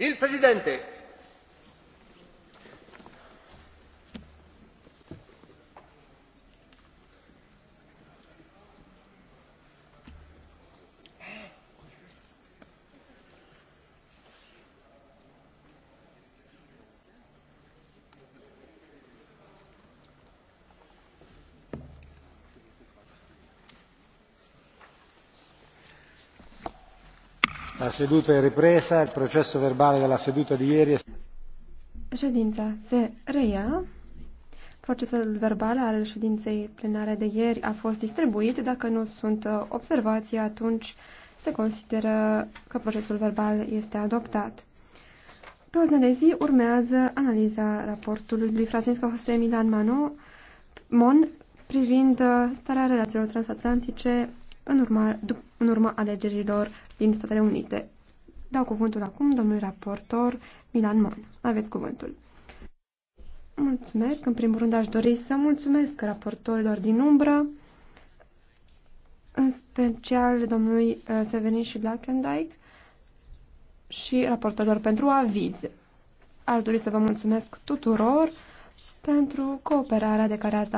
Il Presidente La seduta e ripresa, il processo verbale della seduta di ieri è... Ședința se reia. Procesul verbal al ședinței plenare de ieri a fost distribuit. Dacă nu sunt observații, atunci se consideră că procesul verbal este adoptat. Pe ordine de zi urmează analiza raportului lui Francisco José Milan Mano Mon privind starea relațiilor transatlantice în urma, în urma alegerilor din Statele Unite. Dau cuvântul acum domnului raportor Milan Mon. Aveți cuvântul. Mulțumesc. În primul rând aș dori să mulțumesc raportorilor din umbră, în special domnului uh, Severin și Blackendike și raportorilor pentru aviz. Aș dori să vă mulțumesc tuturor pentru cooperarea de care ați dat